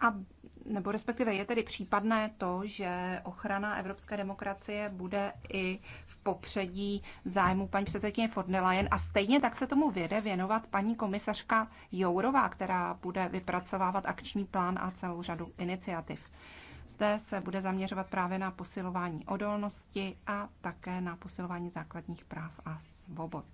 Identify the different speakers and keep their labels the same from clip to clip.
Speaker 1: a nebo respektive je tedy případné to, že ochrana evropské demokracie bude i v popředí zájmu paní předsedkyně von der Leyen a stejně tak se tomu věde věnovat paní komisařka Jourová, která bude vypracovávat akční plán a celou řadu iniciativ. Zde se bude zaměřovat právě na posilování odolnosti a také na posilování základních práv a svobod.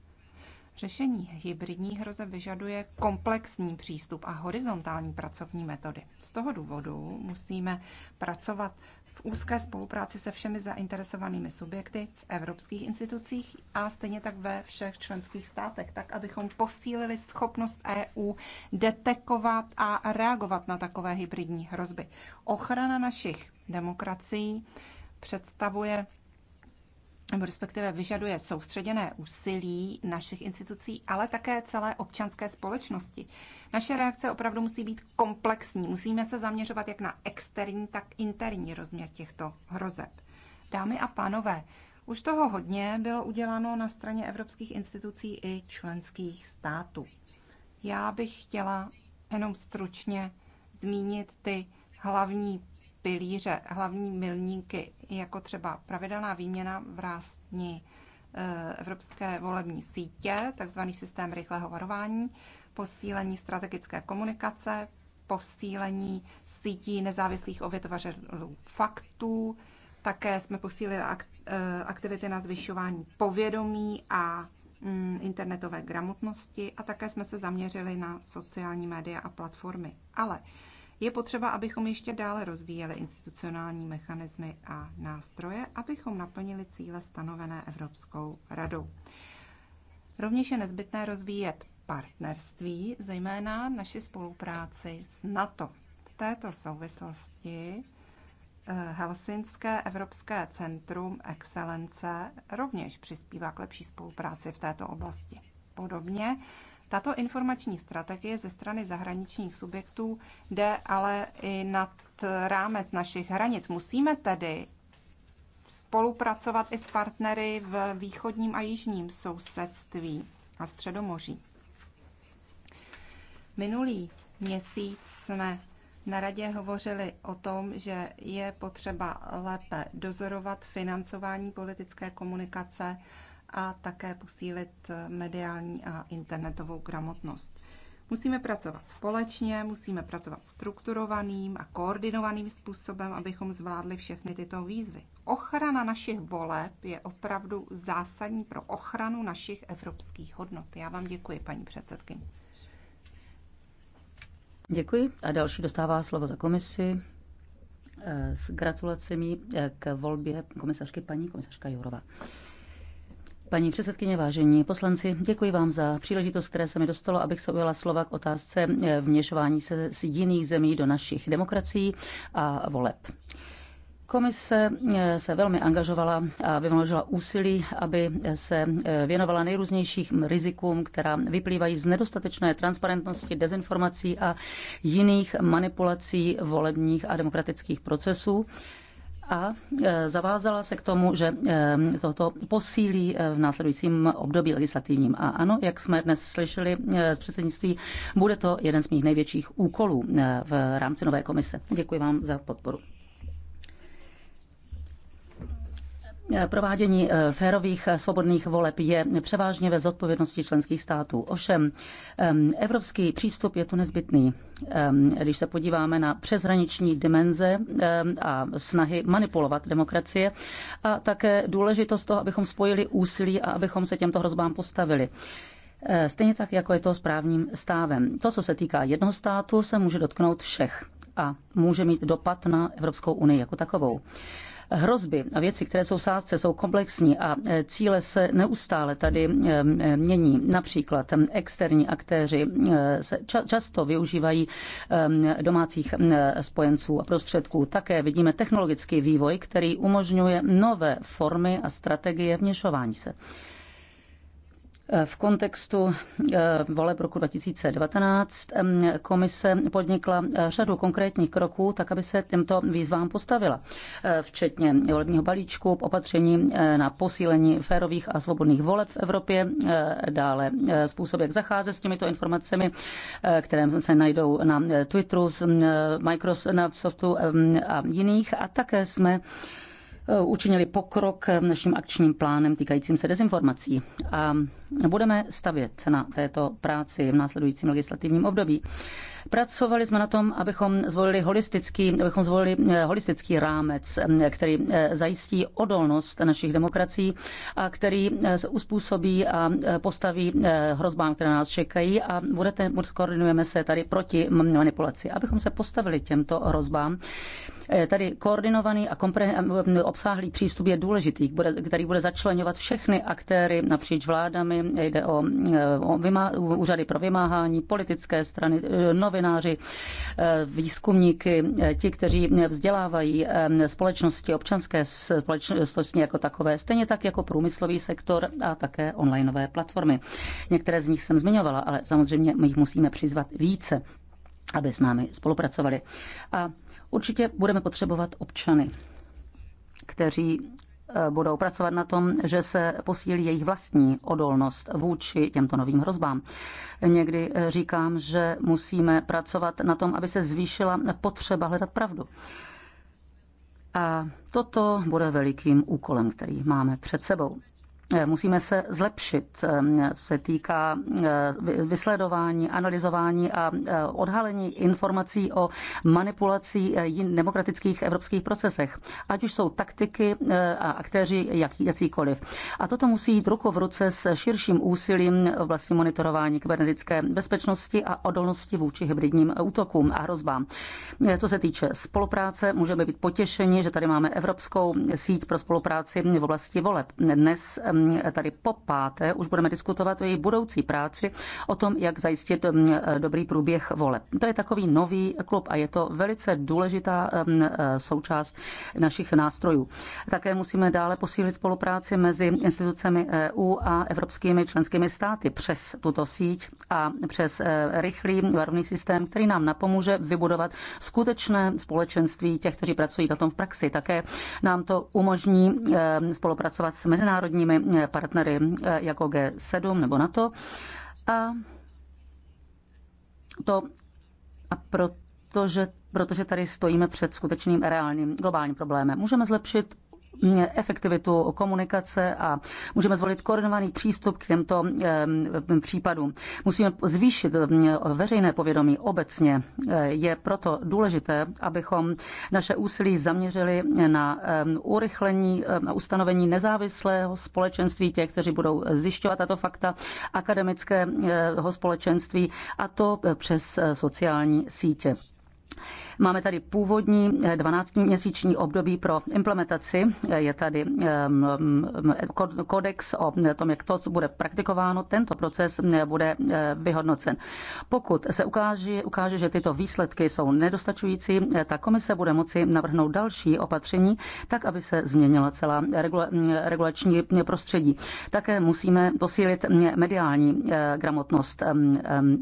Speaker 1: Řešení hybridní hroze vyžaduje komplexní přístup a horizontální pracovní metody. Z toho důvodu musíme pracovat v úzké spolupráci se všemi zainteresovanými subjekty v evropských institucích a stejně tak ve všech členských státech, tak abychom posílili schopnost EU detekovat a reagovat na takové hybridní hrozby. Ochrana našich demokracií představuje nebo respektive vyžaduje soustředěné úsilí našich institucí, ale také celé občanské společnosti. Naše reakce opravdu musí být komplexní. Musíme se zaměřovat jak na externí, tak interní rozměr těchto hrozeb. Dámy a pánové, už toho hodně bylo uděláno na straně evropských institucí i členských států. Já bych chtěla jenom stručně zmínit ty hlavní pilíře, hlavní milníky, jako třeba pravidelná výměna v rástní e, Evropské volební sítě, takzvaný systém rychlého varování, posílení strategické komunikace, posílení sítí nezávislých ovětvařelů faktů, také jsme posílili e, aktivity na zvyšování povědomí a mm, internetové gramotnosti a také jsme se zaměřili na sociální média a platformy. Ale je potřeba, abychom ještě dále rozvíjeli institucionální mechanismy a nástroje, abychom naplnili cíle stanovené Evropskou radou. Rovněž je nezbytné rozvíjet partnerství, zejména naši spolupráci s NATO. V této souvislosti eh, Helsinské Evropské centrum excelence rovněž přispívá k lepší spolupráci v této oblasti. Podobně tato informační strategie ze strany zahraničních subjektů jde ale i nad rámec našich hranic. Musíme tedy spolupracovat i s partnery v východním a jižním sousedství a středomoří. Minulý měsíc jsme na radě hovořili o tom, že je potřeba lépe dozorovat financování politické komunikace a také posílit mediální a internetovou gramotnost. Musíme pracovat společně, musíme pracovat strukturovaným a koordinovaným způsobem, abychom zvládli všechny tyto výzvy. Ochrana našich voleb je opravdu zásadní pro ochranu našich evropských hodnot. Já vám děkuji, paní předsedkyně. Děkuji
Speaker 2: a další dostává slovo za komisi eh, s gratulacemi eh, k volbě komisařky paní komisařka Jourová. Paní předsedkyně, vážení poslanci, děkuji vám za příležitost, které se mi dostalo, abych se ujela slova k otázce eh, vněšování se z jiných zemí do našich demokracií a voleb. Komise eh, se velmi angažovala a vynaložila úsilí, aby se eh, věnovala nejrůznějších rizikům, která vyplývají z nedostatečné transparentnosti, dezinformací a jiných manipulací volebních a demokratických procesů a e, zavázala se k tomu, že e, toto posílí e, v následujícím období legislativním. A ano, jak jsme dnes slyšeli z předsednictví, bude to jeden z mých největších úkolů v rámci nové komise. Děkuji vám za podporu. provádění eh, férových eh, svobodných voleb je převážně ve zodpovědnosti členských států. Ovšem, ehm, evropský přístup je tu nezbytný. Ehm, když se podíváme na přeshraniční dimenze ehm, a snahy manipulovat demokracie a také důležitost toho, abychom spojili úsilí a abychom se těmto hrozbám postavili. Eh, stejně tak, jako je to s právním stávem. To, co se týká jednoho státu, se může dotknout všech a může mít dopad na Evropskou unii jako takovou. Hrozby a věci, které jsou v sázce, jsou komplexní a e, cíle se neustále tady e, mění. Například e, externí aktéři se často využívají domácích spojenců a prostředků. Také vidíme technologický vývoj, který umožňuje nové formy a strategie vněšování se. Eh, v kontextu eh, voleb roku 2019 komise podnikla eh, řadu konkrétních kroků, tak aby se těmto výzvám postavila, včetně volebního balíčku, opatření na posílení férových a svobodných voleb v Evropě, dále způsob, jak zacházet s těmito informacemi, které se najdou na Twitteru, Microsoftu a jiných. A také jsme Eh, učinili pokrok v naším akčním plánem týkajícím se dezinformací. A budeme stavět na této práci v následujícím legislativním období. Pracovali jsme na tom, abychom zvolili holistický, abychom zvolili eh, holistický rámec, eh, který zajistí odolnost našich demokracií a který se uspůsobí a postaví hrozbám, které nás čekají a budete, skoordinujeme se tady proti manipulaci. Abychom se postavili těmto hrozbám, Eh, tady koordinovaný a obsáhlý přístup je důležitý, který bude začlenovat všechny aktéry napříč vládami. Jde o, eh, o vymá, úřady pro vymáhání, politické strany, eh, novináři, výzkumníky, ti, kteří vzdělávají společnosti, občanské společnosti jako takové, stejně tak jako průmyslový sektor a také onlineové platformy. Některé z nich jsem zmiňovala, ale samozřejmě my jich musíme přizvat více aby s námi spolupracovali. A Určitě budeme potřebovat občany, kteří eh, budou pracovat na tom, že se posílí jejich vlastní odolnost vůči těmto novým hrozbám. Někdy eh, říkám, že musíme pracovat na tom, aby se zvýšila potřeba hledat pravdu. A toto bude velikým úkolem, který máme před sebou. Eh, musíme se zlepšit, co ehm, se týká eh, vysledování, analyzování a eh, odhalení informací o manipulací demokratických evropských procesech, ať už jsou taktiky a aktéři jak, jakýkoliv. A toto musí jít ruku v ruce s širším úsilím vlastně monitorování kybernetické bezpečnosti a odolnosti vůči hybridním útokům a hrozbám. Co se týče spolupráce, můžeme být potěšeni, že tady máme Evropskou síť pro spolupráci v oblasti voleb. Dnes ehm, tady po páté už budeme diskutovat o její budoucí práci, o tom, jak zajistit um, dobrý průběh voleb. To je takový nový klub a je to velice důležitá um, eh, součást našich nástrojů. Také musíme dále posílit spolupráci mezi institucemi EU a evropskými členskými státy přes tuto síť a přes eh, rychlý varovný systém, který nám napomůže vybudovat skutečné společenství těch, kteří pracují na tom v praxi. Také nám to umožní eh, spolupracovat s mezinárodními partnery eh, jako G7 nebo NATO. A to a protože, protože tady stojíme před skutečným reálným globálním problémem. Můžeme zlepšit efektivitu komunikace a můžeme zvolit koordinovaný přístup k těmto případům. Musíme zvýšit veřejné povědomí obecně. Je proto důležité, abychom naše úsilí zaměřili na urychlení na ustanovení nezávislého společenství těch, kteří budou zjišťovat tato fakta, akademického společenství a to eh, přes eh, sociální sítě. Máme tady původní 12-měsíční eh, období pro implementaci. Eh, je tady ehm, ehm, kodex o eh, tom, jak to, co bude praktikováno, tento proces bude vyhodnocen. Pokud se ukáže, ukáže že tyto výsledky jsou nedostačující, ta komise bude moci navrhnout další opatření, tak aby se změnila celá regulační prostředí. Také musíme posílit mm, mediální gramotnost ehm,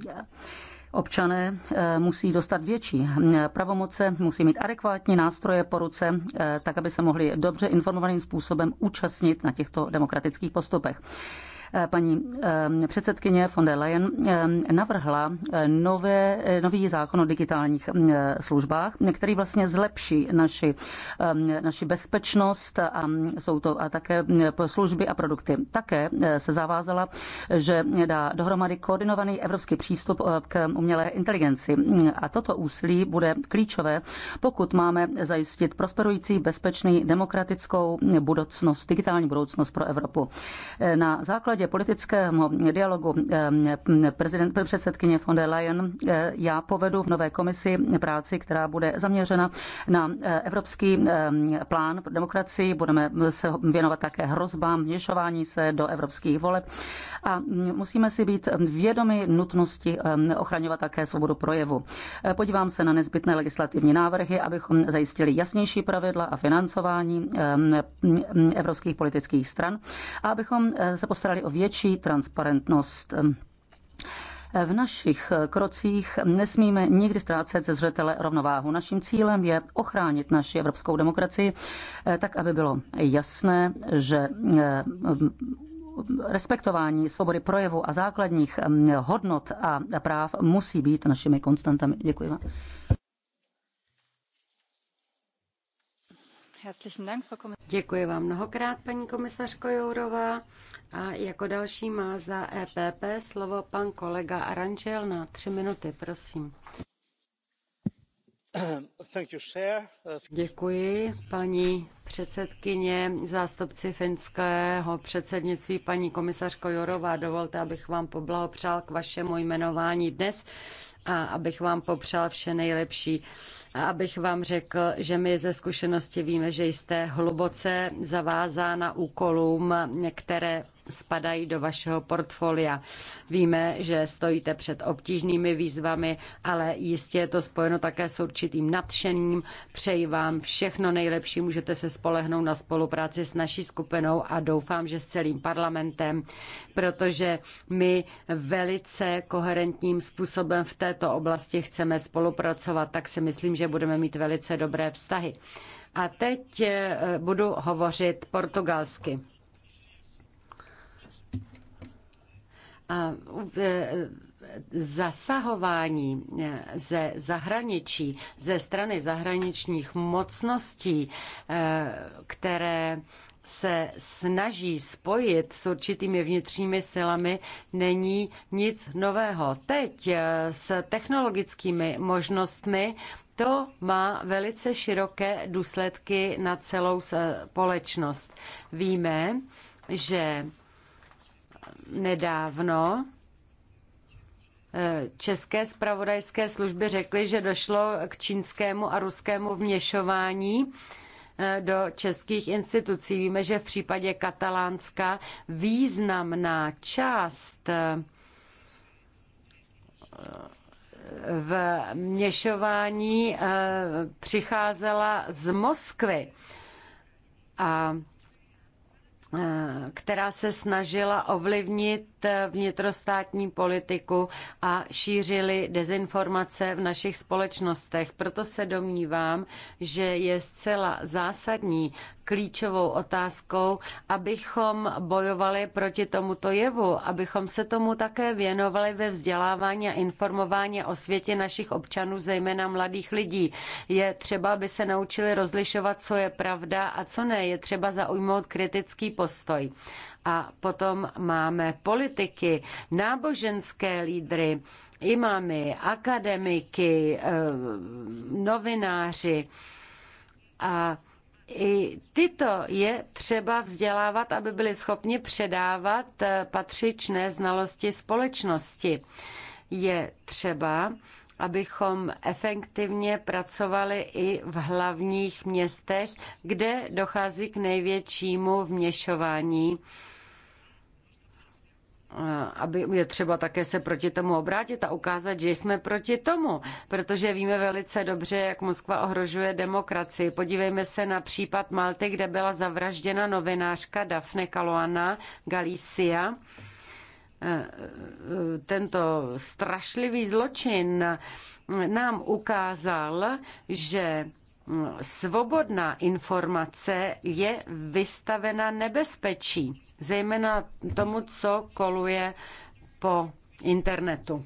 Speaker 2: Občané eh, musí dostat větší eh, pravomoce, musí mít adekvátní nástroje po ruce, eh, tak aby se mohli dobře informovaným způsobem účastnit na těchto demokratických postupech. Eh, paní eh, předsedkyně von der Leyen eh, navrhla nové, nový zákon o digitálních službách, který vlastně zlepší naši, naši bezpečnost a jsou to a také služby a produkty. Také se zavázala, že dá dohromady koordinovaný evropský přístup k umělé inteligenci. A toto úsilí bude klíčové, pokud máme zajistit prosperující, bezpečný, demokratickou budoucnost, digitální budoucnost pro Evropu. Na základě základě politického dialogu eh, prezident, předsedkyně von der Leyen eh, já povedu v nové komisi práci, která bude zaměřena na eh, evropský plán pro demokracii. Budeme se věnovat také hrozbám vněšování se do evropských voleb a mm, musíme si být vědomi nutnosti ochraňovat také svobodu projevu. Podívám se na nezbytné legislativní návrhy, abychom zajistili jasnější pravidla a financování evropských politických stran a abychom se postarali o větší transparentnost. V našich krocích nesmíme nikdy ztrácet ze zřetele rovnováhu. Naším cílem je ochránit naši evropskou demokracii tak, aby bylo jasné, že eh, respektování svobody projevu a základních mm, hodnot a práv musí být našimi konstantami. Děkuji vám.
Speaker 3: Děkuji vám mnohokrát, paní komisařko Jourová. A jako další má za EPP slovo pan kolega Arančel na tři minuty, prosím. Děkuji, paní předsedkyně, zástupci finského předsednictví, paní komisařko Jorová. Dovolte, abych vám poblahopřál k vašemu jmenování dnes a abych vám popřál vše nejlepší a abych vám řekl, že my ze zkušenosti víme, že jste hluboce zavázána úkolům, které spadají do vašeho portfolia. Víme, že stojíte před obtížnými výzvami, ale jistě je to spojeno také s určitým nadšením. Přeji vám všechno nejlepší, můžete se spolehnout na spolupráci s naší skupinou a doufám, že s celým parlamentem, protože my velice koherentním způsobem v této oblasti chceme spolupracovat, tak si myslím, že budeme mít velice dobré vztahy. A teď eh, budu hovořit portugalsky. E, zasahování e, ze zahraničí, ze strany zahraničních mocností, e, které se snaží spojit s určitými vnitřními silami, není nic nového. Teď s technologickými možnostmi to má velice široké důsledky na celou společnost. Víme, že nedávno eh, české spravodajské služby řekly, že došlo k čínskému a ruskému vměšování eh, do českých institucí. Víme, že v případě Katalánska významná část eh, v měšování přicházela z Moskvy. A Eh, která se snažila ovlivnit vnitrostátní politiku a šířili dezinformace v našich společnostech. Proto se domnívám, že je zcela zásadní klíčovou otázkou, abychom bojovali proti tomuto jevu, abychom se tomu také věnovali ve vzdělávání a informování o světě našich občanů, zejména mladých lidí. Je třeba, aby se naučili rozlišovat, co je pravda a co ne. Je třeba zaujmout kritický postoj. A potom máme politiky, náboženské lídry, imamy, akademiky, eh, novináři. A i tyto je třeba vzdělávat, aby byli schopni předávat eh, patřičné znalosti společnosti. Je třeba, abychom efektivně pracovali i v hlavních městech, kde dochází k největšímu vměšování Eh, aby je třeba také se proti tomu obrátit a ukázat, že jsme proti tomu, protože víme velice dobře, jak Moskva ohrožuje demokracii. Podívejme se na případ Malty, kde byla zavražděna novinářka Daphne Caruana Galicia. Eh, tento strašlivý zločin nám ukázal, že svobodná informace je vystavena nebezpečí, zejména tomu, co koluje
Speaker 1: po internetu.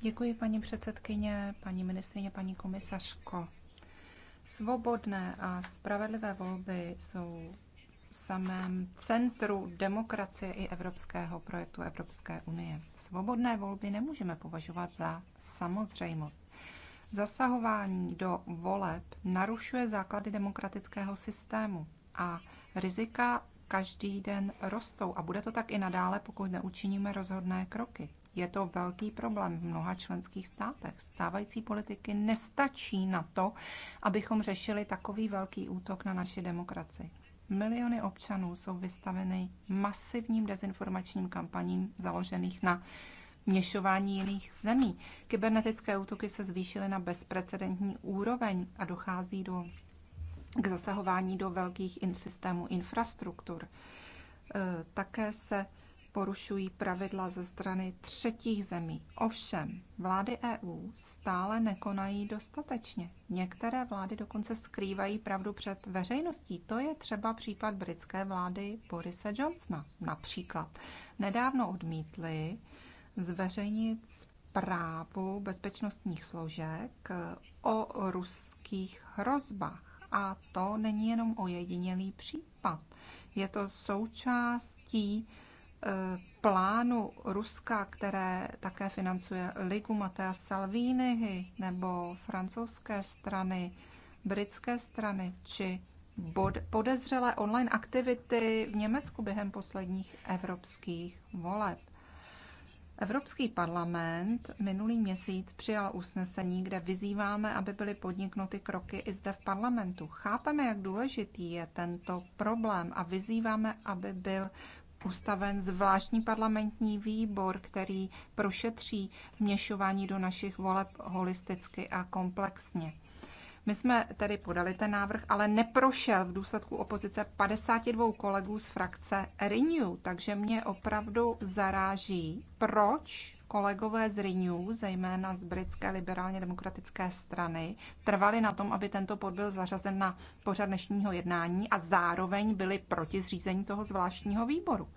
Speaker 1: Děkuji, paní předsedkyně, paní ministrině, paní komisařko. Svobodné a spravedlivé volby jsou v samém centru demokracie i evropského projektu Evropské unie. Svobodné volby nemůžeme považovat za samozřejmost. Zasahování do voleb narušuje základy demokratického systému a rizika každý den rostou a bude to tak i nadále, pokud neučiníme rozhodné kroky. Je to velký problém v mnoha členských státech. Stávající politiky nestačí na to, abychom řešili takový velký útok na naši demokracii. Miliony občanů jsou vystaveny masivním dezinformačním kampaním založených na vměšování jiných zemí. Kybernetické útoky se zvýšily na bezprecedentní úroveň a dochází do, k zasahování do velkých in systémů infrastruktur. E, také se porušují pravidla ze strany třetích zemí. Ovšem, vlády EU stále nekonají dostatečně. Některé vlády dokonce skrývají pravdu před veřejností. To je třeba případ britské vlády Borise Johnsona například. Nedávno odmítli zveřejnit zprávu bezpečnostních složek o ruských hrozbách. A to není jenom ojedinělý případ. Je to součástí e, plánu Ruska, které také financuje Ligu Matea Salvinihy nebo francouzské strany, britské strany či podezřelé online aktivity v Německu během posledních evropských voleb. Evropský parlament minulý měsíc přijal usnesení, kde vyzýváme, aby byly podniknuty kroky i zde v parlamentu. Chápeme, jak důležitý je tento problém a vyzýváme, aby byl ustaven zvláštní parlamentní výbor, který prošetří vměšování do našich voleb holisticky a komplexně. My jsme tedy podali ten návrh, ale neprošel v důsledku opozice 52 kolegů z frakce Renew, takže mě opravdu zaráží, proč kolegové z Renew, zejména z britské liberálně demokratické strany, trvali na tom, aby tento bod byl zařazen na pořad dnešního jednání a zároveň byli proti zřízení toho zvláštního výboru.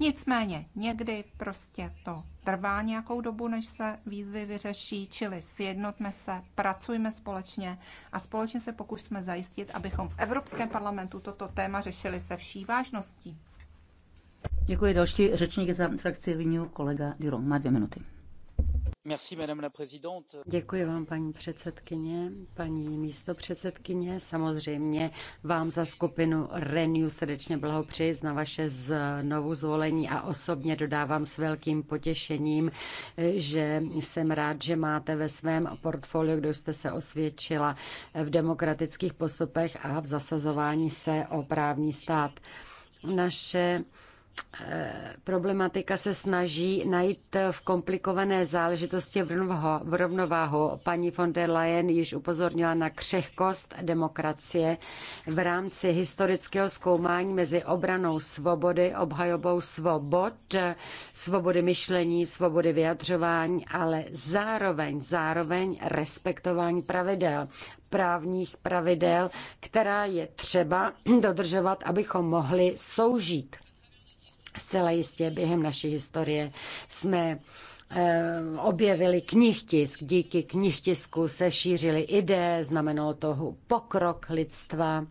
Speaker 1: Nicméně někdy prostě to trvá nějakou dobu, než se výzvy vyřeší, čili sjednotme se, pracujme společně a společně se pokusme zajistit, abychom v Evropském parlamentu toto téma řešili se vší vážností.
Speaker 2: Děkuji další řečník za frakci Renew,
Speaker 3: kolega Duron. Má dvě minuty. Děkuji vám, paní předsedající paní místopředsedkyně. Samozřejmě vám za skupinu Renew srdečně blahopřeji na vaše znovuzvolení zvolení a osobně dodávám s velkým potěšením, že jsem rád, že máte ve svém portfoliu, kde jste se osvědčila v demokratických postupech a v zasazování se o právní stát. Naše problematika se snaží najít v komplikované záležitosti v rovnováhu. Paní von der Leyen již upozornila na křehkost demokracie v rámci historického zkoumání mezi obranou svobody, obhajobou svobod, svobody myšlení, svobody vyjadřování, ale zároveň, zároveň respektování pravidel právních pravidel, která je třeba dodržovat, abychom mohli soužít. Zcela jistě během naší historie jsme eh, objevili knihtisk. Díky knihtisku se šířily ideje, znamenalo to pokrok lidstva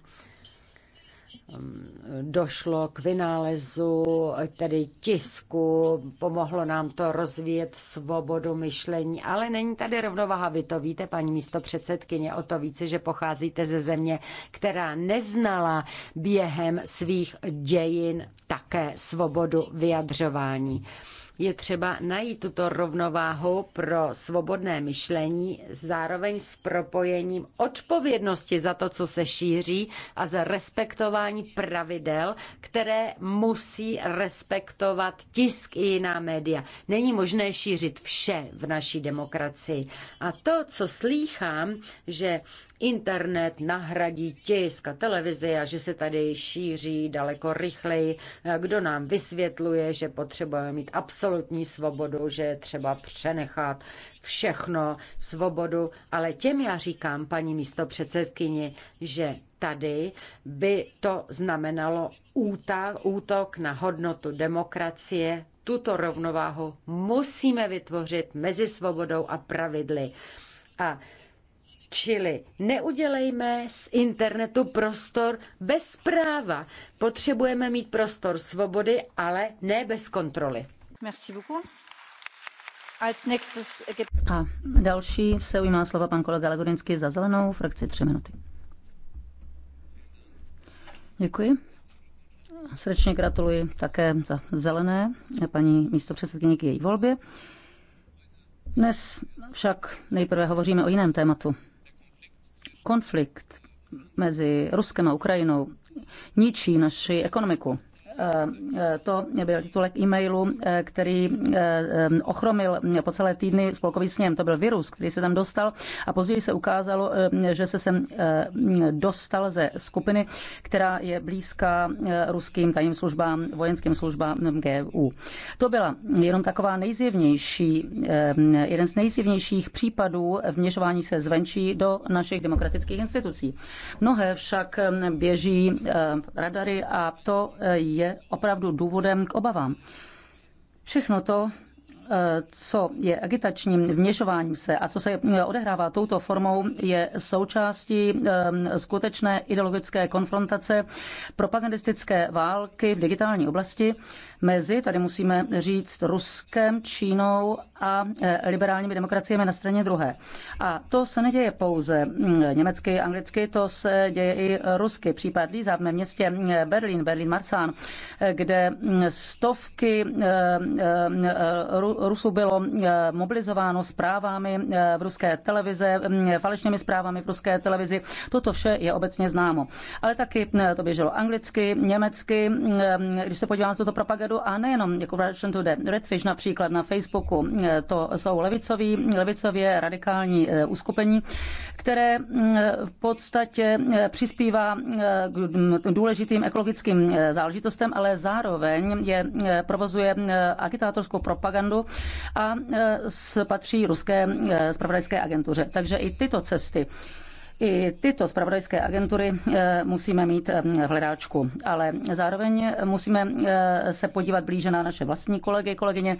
Speaker 3: došlo k vynálezu, tedy tisku, pomohlo nám to rozvíjet svobodu myšlení, ale není tady rovnováha. Vy to víte, paní místo předsedkyně, o to více, že pocházíte ze země, která neznala během svých dějin také svobodu vyjadřování. Je třeba najít tuto rovnováhu pro svobodné myšlení, zároveň s propojením odpovědnosti za to, co se šíří a za respektování pravidel, které musí respektovat tisk i jiná média. Není možné šířit vše v naší demokracii. A to, co slýchám, že internet nahradí tisk a televizi a že se tady šíří daleko rychleji. Kdo nám vysvětluje, že potřebujeme mít absolutní svobodu, že je třeba přenechat všechno, svobodu, ale těm já říkám, paní místo předsedkyni, že tady by to znamenalo útok na hodnotu demokracie, tuto rovnováhu musíme vytvořit mezi svobodou a pravidly. A Čili neudělejme z internetu prostor bez práva. Potřebujeme mít prostor svobody, ale ne bez kontroly.
Speaker 4: Merci beaucoup.
Speaker 3: A další
Speaker 2: se ujímá slova pan kolega Legodinský za zelenou frakci tři minuty. Děkuji. Srdečně gratuluji také za zelené paní místo k její volbě. Dnes však nejprve hovoříme o jiném tématu. Konflikt mezi Ruskem a Ukrajinou ničí naši ekonomiku to byl titulek e-mailu, který eh, eh, ochromil po celé týdny spolkový sněm. To byl virus, který se tam dostal a později se ukázalo, eh, že se sem dostal ze skupiny, která je blízká ruským tajným službám, vojenským službám GU. To byla jenom taková nejzjevnější, jeden z nejzjevnějších případů vněžování se zvenčí do našich demokratických institucí. Mnohé však běží radary a to je je opravdu důvodem k obavám. Všechno to Eh, co je agitačním vněšováním se a co se eh, odehrává touto formou, je součástí eh, skutečné ideologické konfrontace propagandistické války v digitální oblasti mezi, tady musíme říct, Ruskem, Čínou a liberálními demokraciemi na straně druhé. A to se neděje pouze hm, německy, anglicky, to se děje i rusky. Případ Líza v mém městě hm, Berlín, Berlín-Marsán, kde hm, stovky Rusů bylo eh, mobilizováno zprávami eh, v ruské televize, mm, falešnými zprávami v ruské televizi. Toto vše je obecně známo. Ale taky eh, to běželo anglicky, německy, mm, když se podíváme na tuto propagandu a nejenom jako Russian Today, Redfish například na Facebooku, to jsou levicoví, levicově radikální uskupení, které mm, v podstatě přispívá k důležitým ekologickým záležitostem, ale zároveň je provozuje agitátorskou propagandu, a e, patří ruské spravodajské e, agentuře. Takže i tyto cesty i tyto spravodajské agentury eh, musíme mít eh, v hledáčku, ale zároveň eh, musíme se podívat blíže na naše vlastní kolegy, kolegyně.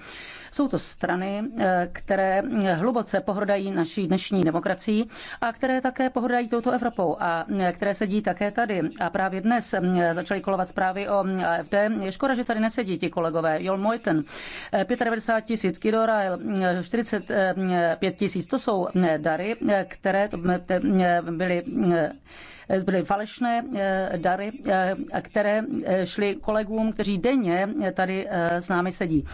Speaker 2: Jsou to strany, které hluboce pohrdají naší dnešní demokracií a které také pohrdají touto Evropou a které sedí také tady. A právě dnes začaly kolovat zprávy o mm, AFD. Je škoda, že tady nesedí ti kolegové. Jol Mojten, 95 tisíc kilo, 45 mm, mm, tisíc, to jsou dary, které byly, eh, byly falešné eh, dary, eh, které šly kolegům, kteří denně tady s námi sedí.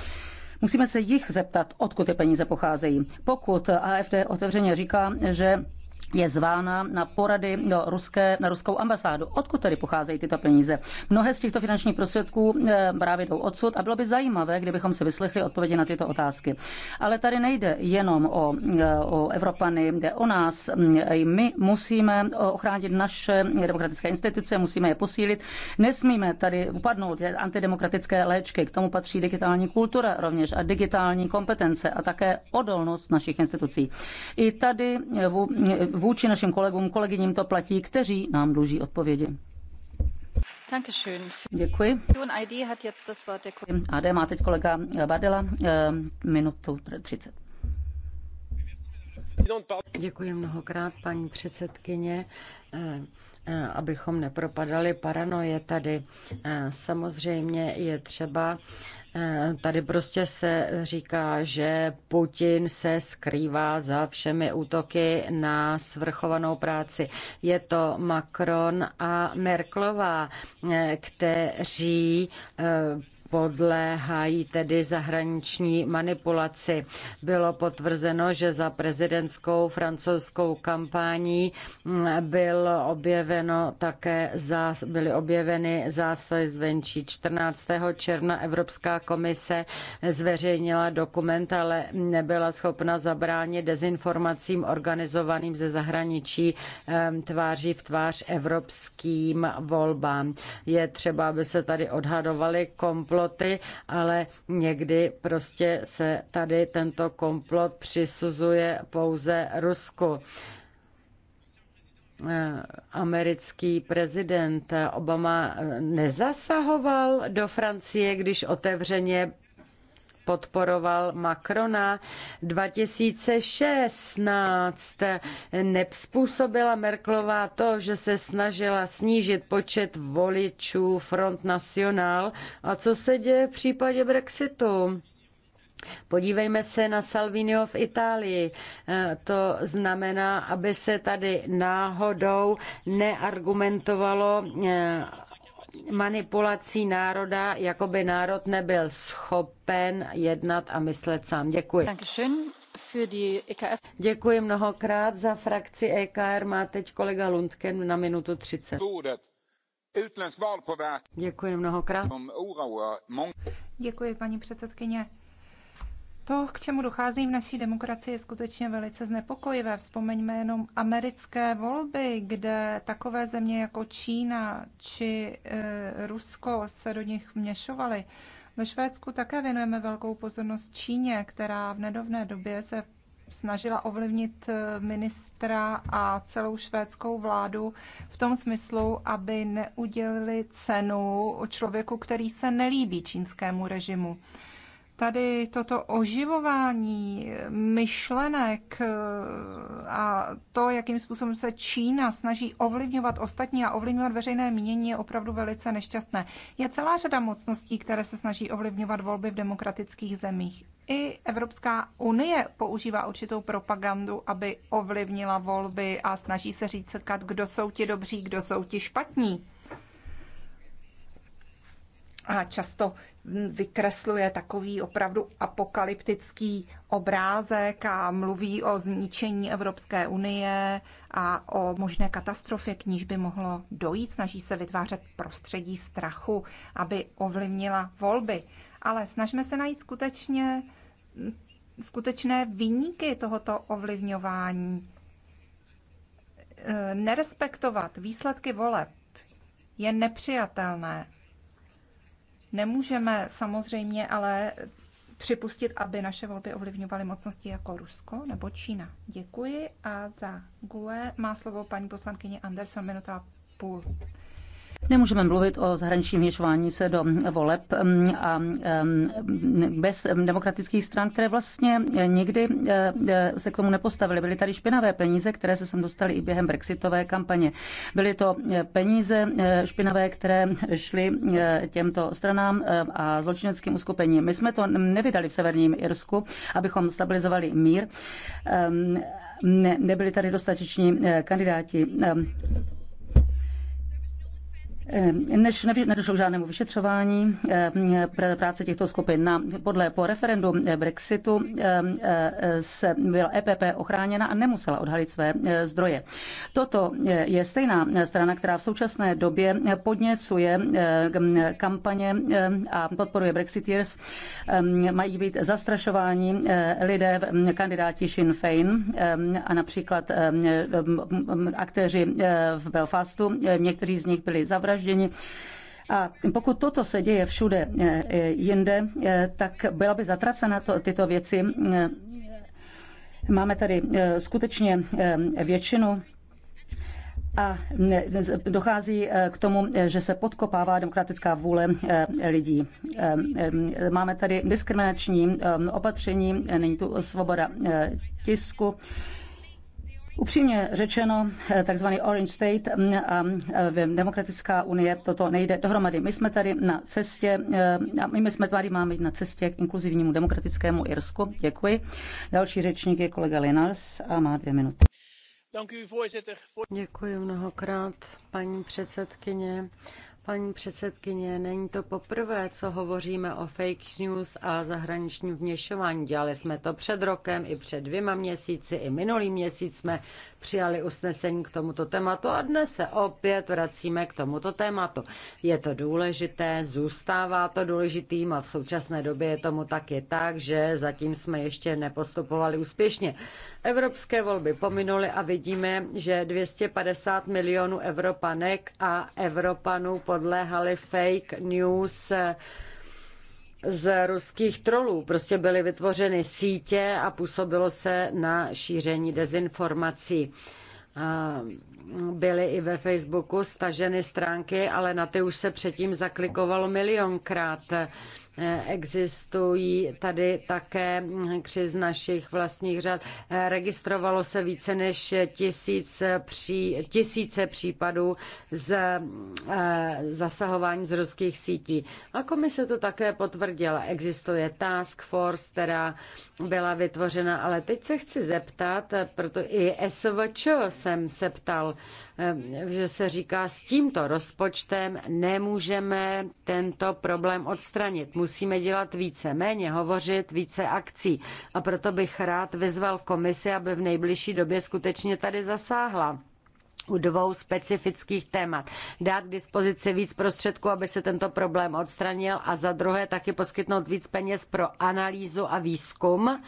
Speaker 2: Musíme se jich zeptat, odkud ty peníze pocházejí. Pokud AFD otevřeně říká, že je zvána na porady do ruské, na ruskou ambasádu. Odkud tedy pocházejí tyto peníze? Mnohé z těchto finančních prostředků eh, právě jdou odsud a bylo by zajímavé, kdybychom si vyslechli odpovědi na tyto otázky. Ale tady nejde jenom o, eh, o Evropany, jde o nás. Mm, my musíme ochránit naše demokratické instituce, musíme je posílit. Nesmíme tady upadnout antidemokratické léčky. K tomu patří digitální kultura rovněž a digitální kompetence a také odolnost našich institucí. I tady v vůči našim kolegům, kolegyním to platí, kteří nám dluží odpovědi. Děkuji. AD má teď kolega Bardela eh, minutu 30.
Speaker 3: Děkuji mnohokrát, paní předsedkyně. Eh, Eh, abychom nepropadali paranoje tady. Eh, samozřejmě je třeba eh, Tady prostě se říká, že Putin se skrývá za všemi útoky na svrchovanou práci. Je to Macron a Merklová, kteří podléhají tedy zahraniční manipulaci. Bylo potvrzeno, že za prezidentskou francouzskou kampání byl objeveno také zás, byly objeveny zásahy zvenčí. 14. června Evropská komise zveřejnila dokument, ale nebyla schopna zabránit dezinformacím organizovaným ze zahraničí tváří v tvář evropským volbám. Je třeba, aby se tady odhadovali komplo komploty, ale někdy prostě se tady tento komplot přisuzuje pouze Rusku eh, americký prezident Obama nezasahoval do Francie, když otevřeně podporoval Macrona 2016. nepůsobila Merklová to, že se snažila snížit počet voličů Front National. A co se děje v případě Brexitu? Podívejme se na Salvinio v Itálii. E, to znamená, aby se tady náhodou neargumentovalo e, manipulací národa, jako by národ nebyl schopen jednat a myslet sám. Děkuji. E Děkuji mnohokrát za frakci EKR. Má teď kolega Lundken na minutu 30. Děkuji mnohokrát.
Speaker 1: Děkuji, paní předsedkyně. To, k čemu dochází v naší demokracii, je skutečně velice znepokojivé. Vzpomeňme jenom americké volby, kde takové země jako Čína či e, Rusko se do nich vměšovaly. Ve Švédsku také věnujeme velkou pozornost Číně, která v nedovné době se snažila ovlivnit e, ministra a celou švédskou vládu v tom smyslu, aby neudělili cenu člověku, který se nelíbí čínskému režimu tady toto oživování myšlenek eh, a to, jakým způsobem se Čína snaží ovlivňovat ostatní a ovlivňovat veřejné mínění, je opravdu velice nešťastné. Je celá řada mocností, které se snaží ovlivňovat volby v demokratických zemích. I Evropská unie používá určitou propagandu, aby ovlivnila volby a snaží se říct, kdo jsou ti dobří, kdo jsou ti špatní a často vykresluje takový opravdu apokalyptický obrázek a mluví o zničení Evropské unie a o možné katastrofě, k níž by mohlo dojít. Snaží se vytvářet prostředí strachu, aby ovlivnila volby. Ale snažme se najít skutečně skutečné výniky tohoto ovlivňování. E, nerespektovat výsledky voleb je nepřijatelné Nemůžeme samozřejmě ale připustit, aby naše volby ovlivňovaly mocnosti jako Rusko nebo Čína. Děkuji a za GUE má slovo paní poslankyně Anderson minuta a půl.
Speaker 2: Nemůžeme mluvit o zahraničním věšování se do voleb mm, a mm, mm, bez demokratických stran, které vlastně eh, nikdy eh, eh, se k tomu nepostavily. Byly tady špinavé peníze, které se sem dostaly i během brexitové kampaně. Byly to peníze špinavé, které šly těmto stranám a zločineckým uskupením. My jsme to nevydali v Severním Irsku, abychom stabilizovali mír. Ehm, ne, nebyli tady dostateční kandidáti. Ehm, Ehm, než nedošlo k žádnému vyšetřování ehm, práce těchto skupin, na, podle po referendu eh, Brexitu ehm, eh, se byla EPP ochráněna a nemusela odhalit své eh, zdroje. Toto je stejná strana, která v současné době podněcuje kampaně a podporuje Brexiteers. Mají být zastrašováni lidé, hm, kandidáti Sinn Féin a například aktéři v Belfastu. Někteří z nich byli zavražděni zavražděni. A pokud toto se děje všude eh, eh, jinde, eh, tak byla by zatracena to, tyto věci. Máme tady skutečně většinu a dochází k tomu, že se podkopává demokratická vůle lidí. Máme tady diskriminační opatření, není tu svoboda tisku. Upřímně řečeno, eh, takzvaný Orange State mm, a eh, Demokratická unie, toto nejde dohromady. My jsme tady na cestě, eh, a my jsme tady máme jít na cestě k inkluzivnímu demokratickému Irsku. Děkuji. Další řečník je kolega Linars a má dvě minuty.
Speaker 3: Děkuji mnohokrát, paní předsedkyně. Paní předsedkyně, není to poprvé, co hovoříme o fake news a zahraničním vněšování. Dělali jsme to před rokem, i před dvěma měsíci, i minulý měsíc jsme přijali usnesení k tomuto tématu a dnes se opět vracíme k tomuto tématu. Je to důležité, zůstává to důležitým a v současné době je tomu taky tak, že zatím jsme ještě nepostupovali úspěšně. Evropské volby pominuly a vidíme, že 250 milionů Evropanek a Evropanů podléhali fake news z ruských trolů. Prostě byly vytvořeny sítě a působilo se na šíření dezinformací. Byly i ve Facebooku staženy stránky, ale na ty už se předtím zaklikovalo milionkrát. Existují tady také kři z našich vlastních řad. Registrovalo se více než tisíc pří, tisíce případů z eh, zasahování z ruských sítí. A komise to také potvrdila. Existuje task force, která byla vytvořena, ale teď se chci zeptat, proto i SVČ jsem se ptal, eh, že se říká, s tímto rozpočtem nemůžeme tento problém odstranit. Musí musíme dělat více, méně hovořit, více akcí. A proto bych rád vyzval komisi, aby v nejbližší době skutečně tady zasáhla u dvou specifických témat. Dát k dispozici víc prostředků, aby se tento problém odstranil a za druhé taky poskytnout víc peněz pro analýzu a výzkum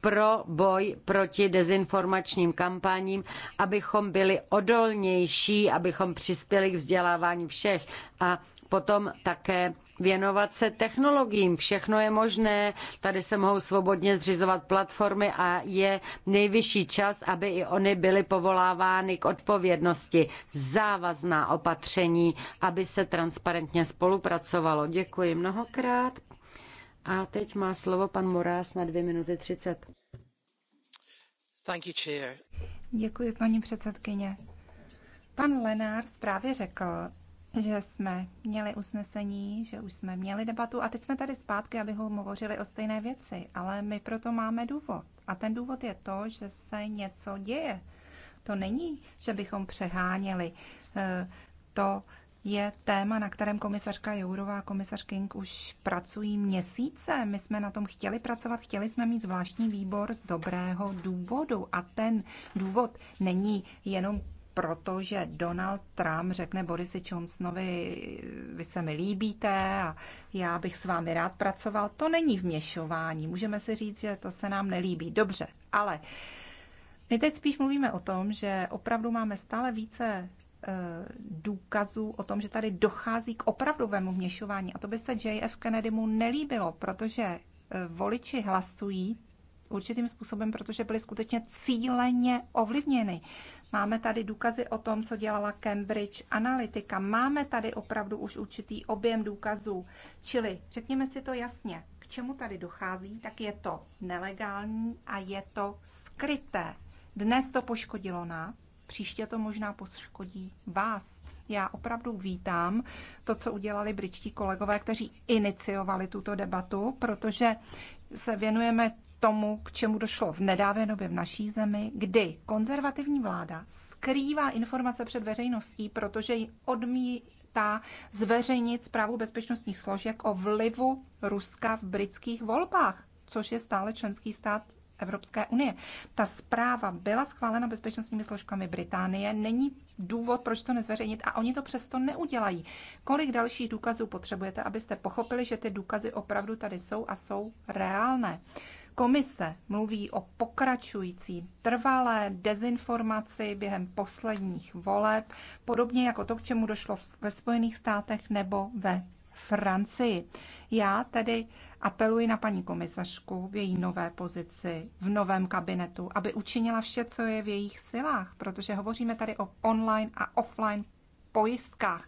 Speaker 3: pro boj proti dezinformačním kampaním, abychom byli odolnější, abychom přispěli k vzdělávání všech a potom také věnovat se technologiím. Všechno je možné, tady se mohou svobodně zřizovat platformy a je nejvyšší čas, aby i oni byly povolávány k odpovědnosti. Závazná opatření, aby se transparentně spolupracovalo. Děkuji mnohokrát. A teď má slovo pan Morás na dvě minuty třicet.
Speaker 1: Děkuji, paní předsedkyně. Pan Lenár správně řekl, že jsme měli usnesení, že už jsme měli debatu a teď jsme tady zpátky, abychom hovořili o stejné věci, ale my proto máme důvod. A ten důvod je to, že se něco děje. To není, že bychom přeháněli. E, to je téma, na kterém komisařka Jourová a komisař King už pracují měsíce. My jsme na tom chtěli pracovat, chtěli jsme mít zvláštní výbor z dobrého důvodu. A ten důvod není jenom protože Donald Trump řekne Borisi Johnsonovi, vy se mi líbíte a já bych s vámi rád pracoval. To není vměšování. Můžeme si říct, že to se nám nelíbí. Dobře, ale my teď spíš mluvíme o tom, že opravdu máme stále více e, důkazů o tom, že tady dochází k opravdovému vměšování. A to by se JF Kennedymu nelíbilo, protože e, voliči hlasují určitým způsobem, protože byli skutečně cíleně ovlivněny. Máme tady důkazy o tom, co dělala Cambridge Analytica. Máme tady opravdu už určitý objem důkazů. Čili řekněme si to jasně, k čemu tady dochází, tak je to nelegální a je to skryté. Dnes to poškodilo nás, příště to možná poškodí vás. Já opravdu vítám to, co udělali britští kolegové, kteří iniciovali tuto debatu, protože se věnujeme tomu, k čemu došlo v nedávné době v naší zemi, kdy konzervativní vláda skrývá informace před veřejností, protože ji odmítá zveřejnit zprávu bezpečnostních složek o vlivu Ruska v britských volbách, což je stále členský stát Evropské unie. Ta zpráva byla schválena bezpečnostními složkami Británie, není důvod, proč to nezveřejnit a oni to přesto neudělají. Kolik dalších důkazů potřebujete, abyste pochopili, že ty důkazy opravdu tady jsou a jsou reálné? Komise mluví o pokračující trvalé dezinformaci během posledních voleb, podobně jako to, k čemu došlo ve Spojených státech nebo ve Francii. Já tedy apeluji na paní komisařku v její nové pozici, v novém kabinetu, aby učinila vše, co je v jejich silách, protože hovoříme tady o online a offline pojistkách,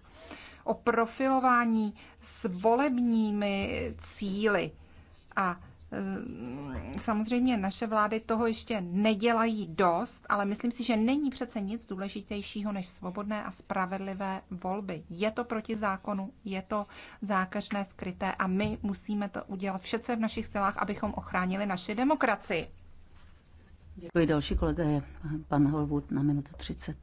Speaker 1: o profilování s volebními cíly. A Ehm, samozřejmě naše vlády toho ještě nedělají dost, ale myslím si, že není přece nic důležitějšího než svobodné a spravedlivé volby. Je to proti zákonu, je to zákažné, skryté a my musíme to udělat vše, co je v našich silách, abychom ochránili naši demokracii.
Speaker 2: Děkuji. Další kolega je pan Holwood na minutu 30.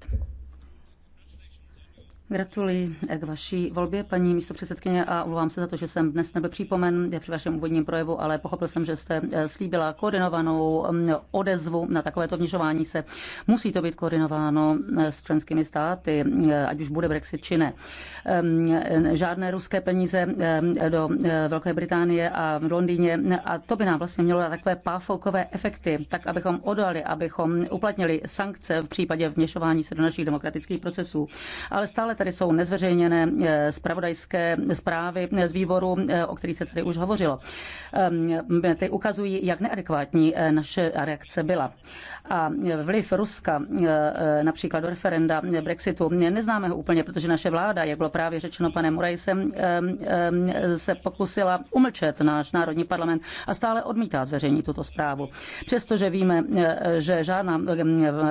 Speaker 2: Gratuluji k vaší volbě, paní místopředsedkyně, a omlouvám se za to, že jsem dnes nebyl přípomen při vašem úvodním projevu, ale pochopil jsem, že jste eh, slíbila koordinovanou mm, odezvu na takovéto vnižování se. Musí to být koordinováno eh, s členskými státy, eh, ať už bude Brexit či ne. Ehm, žádné ruské peníze ehm, do Velké Británie a v Londýně a to by nám vlastně mělo dát takové páfokové efekty, tak abychom odali, abychom uplatnili sankce v případě vněšování se do našich demokratických procesů. Ale stále tady jsou nezveřejněné eh, zpravodajské zprávy eh, z výboru, eh, o kterých se tady už hovořilo. Ehm, ty ukazují, jak neadekvátní naše reakce byla. A vliv Ruska například do referenda Brexitu neznáme ho úplně, protože naše vláda, jak bylo právě řečeno panem Murajsem, ehm, ehm, se pokusila umlčet náš národní parlament a stále odmítá zveřejnit tuto zprávu. Přestože víme, že žádná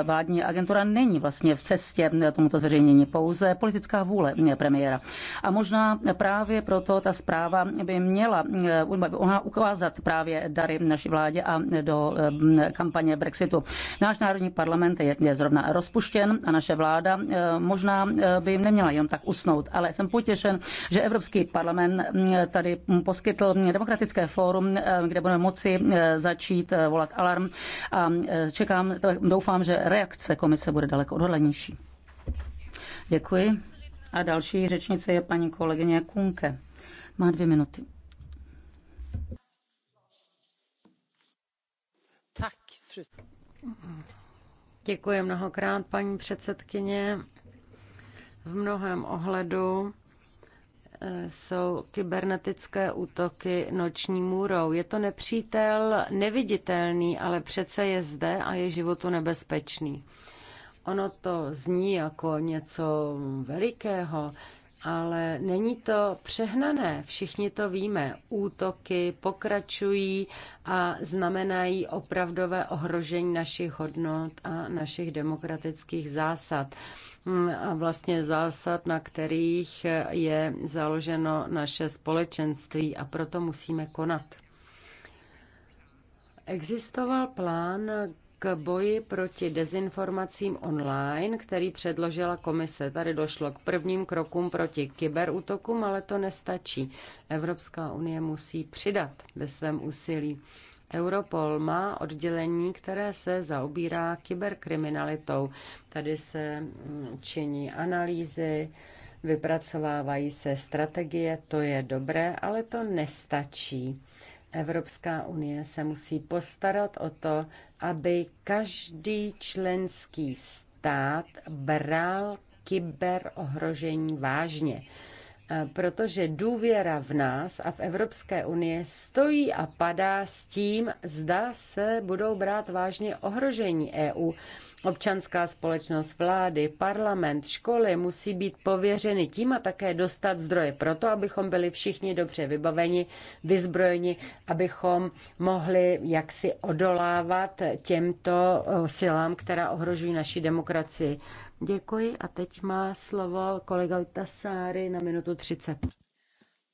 Speaker 2: vládní agentura není vlastně v cestě tomuto zveřejnění pouze politické politická vůle eh, premiéra. A možná právě proto ta zpráva by měla eh, ona ukázat právě dary naší vládě a do eh, kampaně Brexitu. Náš národní parlament je, je zrovna rozpuštěn a naše vláda možná by neměla jenom tak usnout, ale jsem potěšen, že Evropský parlament tady poskytl demokratické fórum, kde budeme moci začít volat alarm a čekám, doufám, že reakce komise bude daleko odhodlanější. Děkuji. A další řečnice je paní kolegyně Kunke.
Speaker 3: Má dvě minuty. Tak, Děkuji mnohokrát, paní předsedkyně. V mnohem ohledu eh, jsou kybernetické útoky noční můrou. Je to nepřítel neviditelný, ale přece je zde a je životu nebezpečný. Ono to zní jako něco velikého, ale není to přehnané, všichni to víme. Útoky pokračují a znamenají opravdové ohrožení našich hodnot a našich demokratických zásad. Hmm, a vlastně zásad, na kterých je založeno naše společenství a proto musíme konat. Existoval plán k boji proti dezinformacím online, který předložila komise. Tady došlo k prvním krokům proti kyberútokům, ale to nestačí. Evropská unie musí přidat ve svém úsilí. Europol má oddělení, které se zaobírá kyberkriminalitou. Tady se mm, činí analýzy, vypracovávají se strategie, to je dobré, ale to nestačí. Evropská unie se musí postarat o to, aby každý členský stát bral kyberohrožení vážně. Eh, protože důvěra v nás a v Evropské unie stojí a padá s tím, zda se budou brát vážně ohrožení EU. Občanská společnost, vlády, parlament, školy musí být pověřeny tím a také dostat zdroje proto, abychom byli všichni dobře vybaveni, vyzbrojeni, abychom mohli jaksi odolávat těmto eh, silám, která ohrožují naši demokracii. Děkuji a teď má slovo kolega Tasáry na minutu 30.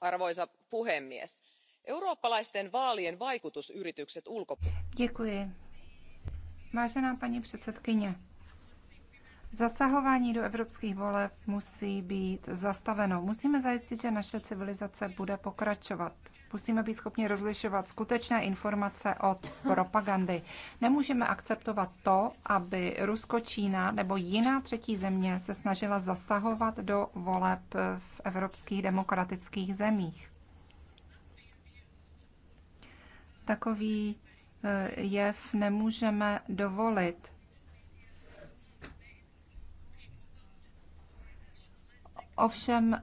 Speaker 5: Arvoisa puhemies. Eurooppalaisten vaalien vaikutusyritykset yritykset
Speaker 1: Děkuji. Vážená paní předsedkyně, Zasahování do evropských voleb musí být zastaveno. Musíme zajistit, že naše civilizace bude pokračovat. Musíme být schopni rozlišovat skutečné informace od propagandy. Nemůžeme akceptovat to, aby Rusko, Čína nebo jiná třetí země se snažila zasahovat do voleb v evropských demokratických zemích. Takový e, jev nemůžeme dovolit. Ovšem e,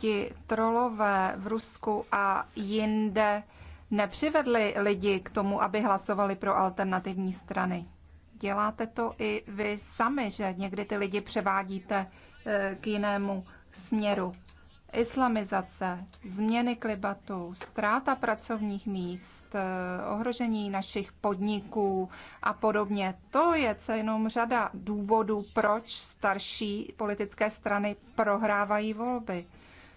Speaker 1: ti trolové v Rusku a jinde nepřivedli lidi k tomu, aby hlasovali pro alternativní strany. Děláte to i vy sami, že někdy ty lidi převádíte eh, k jinému směru. Islamizace, změny klimatu, ztráta pracovních míst, eh, ohrožení našich podniků a podobně. To je jenom řada důvodů, proč starší politické strany prohrávají volby.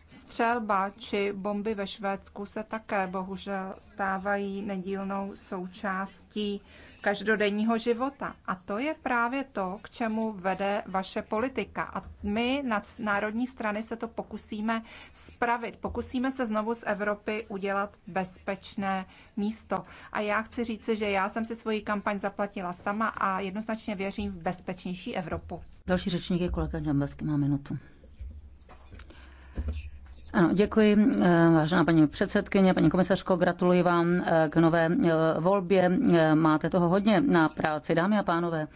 Speaker 1: Střelba či bomby ve Švédsku se také bohužel stávají nedílnou součástí každodenního života. A to je právě to, k čemu vede vaše politika. A my na národní strany se to pokusíme spravit. Pokusíme se znovu z Evropy udělat bezpečné místo. A já chci říct, že já jsem si svoji kampaň zaplatila sama a jednoznačně věřím v bezpečnější Evropu.
Speaker 2: Další řečník je kolega Džambasky, má minutu. Ano, děkuji, eh, vážená paní předsedkyně, paní komisařko, gratuluji vám eh, k nové eh, volbě. Máte toho hodně na práci, dámy a pánové.